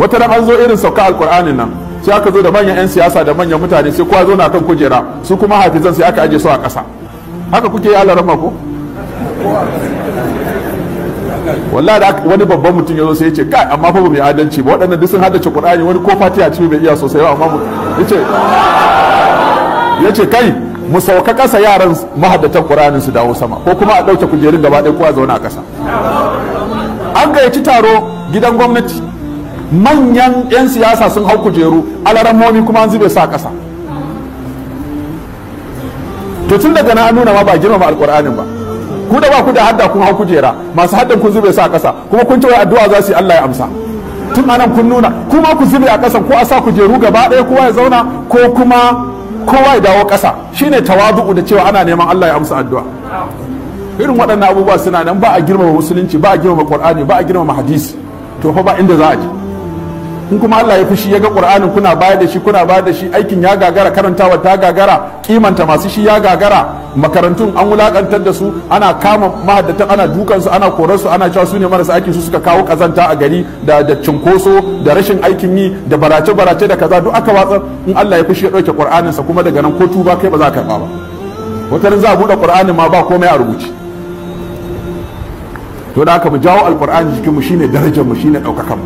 wata ran an zo irin sauka alkur'anin nan sai aka zo da manyan 'yan siyasa da manyan mutane sai kowa zo na kan kujera su kuma hafizan sai aka aje su a ƙasa haka kuke yi alarama ko wallahi da wani babban mutum ya zo sai ya ce kai amma fa ba mai adalci ba waɗannan duk sun haddace qur'ani wani ko fatiha ce bai iya sosai ba amma yace yace kai mu sauka ƙasa yaran mahaddatan qur'anin su dawo sama ko kuma a dauke kujerun gaba ɗaya kowa zauna a ƙasa. an gayyaci taro gidan gwamnati manyan 'yan siyasa sun hau kujeru alaramomi kuma an zube sa ƙasa to tun daga na nuna ma ba girmama alƙur'anin ba ku da ba ku da hadda kun hau kujera masu haddan kun zube sa ƙasa kuma kun cewa addu'a za su yi Allah ya amsa tun anan kun nuna kuma ku zube a ƙasa ko a sa kujeru gaba ɗaya kowa ya zauna ko kuma kowa ya dawo ƙasa ne tawadu'u da cewa ana neman Allah ya amsa addu'a irin waɗannan abubuwa suna nan ba a girmama musulunci ba a girmama qur'ani ba a girmama hadisi to fa ba inda za a je in kuma Allah ya fushi ya ga Qur'anin kuna bayar da shi kuna bayar da shi aikin ya gagara karantawa ta gagara kimanta masu shi ya gagara makarantun an wulakantar da su ana kama mahaddatan ana dukan su ana korar su ana cewa su ne marasa aikin su suka kawo kazanta a gari da da cinkoso da rashin aikin yi da barace barace da kaza duk aka watsa in Allah ya fushi ya dauke Qur'anin sa kuma daga nan ko tuba kai ba za ka ba wata rin za a bude Qur'anin ma ba komai a rubuce to da aka mu jawo alqur'ani jikin mu shine darajar mu shine daukakar